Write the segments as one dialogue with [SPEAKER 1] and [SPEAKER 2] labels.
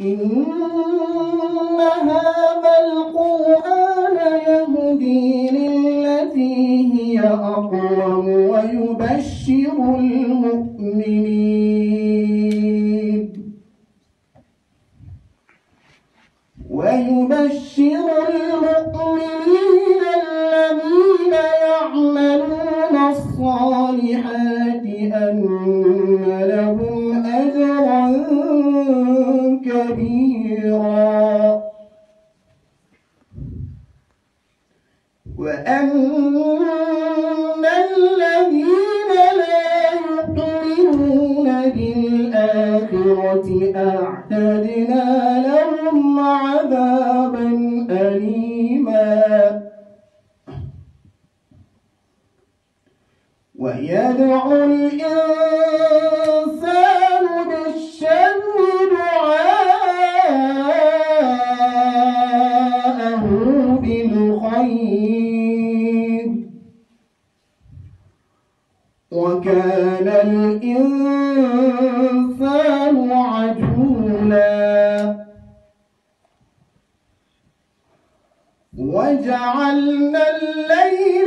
[SPEAKER 1] إن هذا القرآن يهدي للتي هي أقوم ويبشر المؤمنين ويبشر المؤمنين الصالحات أن لهم أجرا كبيرا وأما الذين لا يؤمنون بالآخرة أعتدنا لهم ويدعو الإنسان بالشر دعاءه بالخير وكان الإنسان عجولا وجعلنا الليل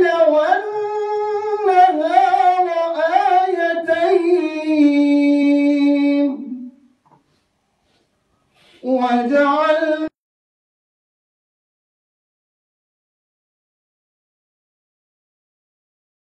[SPEAKER 1] وجعلنا